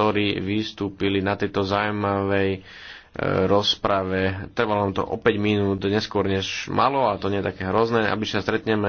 ktorí vystúpili na tejto zaujímavej e, rozprave. Trvalo nám to o 5 minút neskôr než malo, a to nie je také hrozné, aby sa stretneme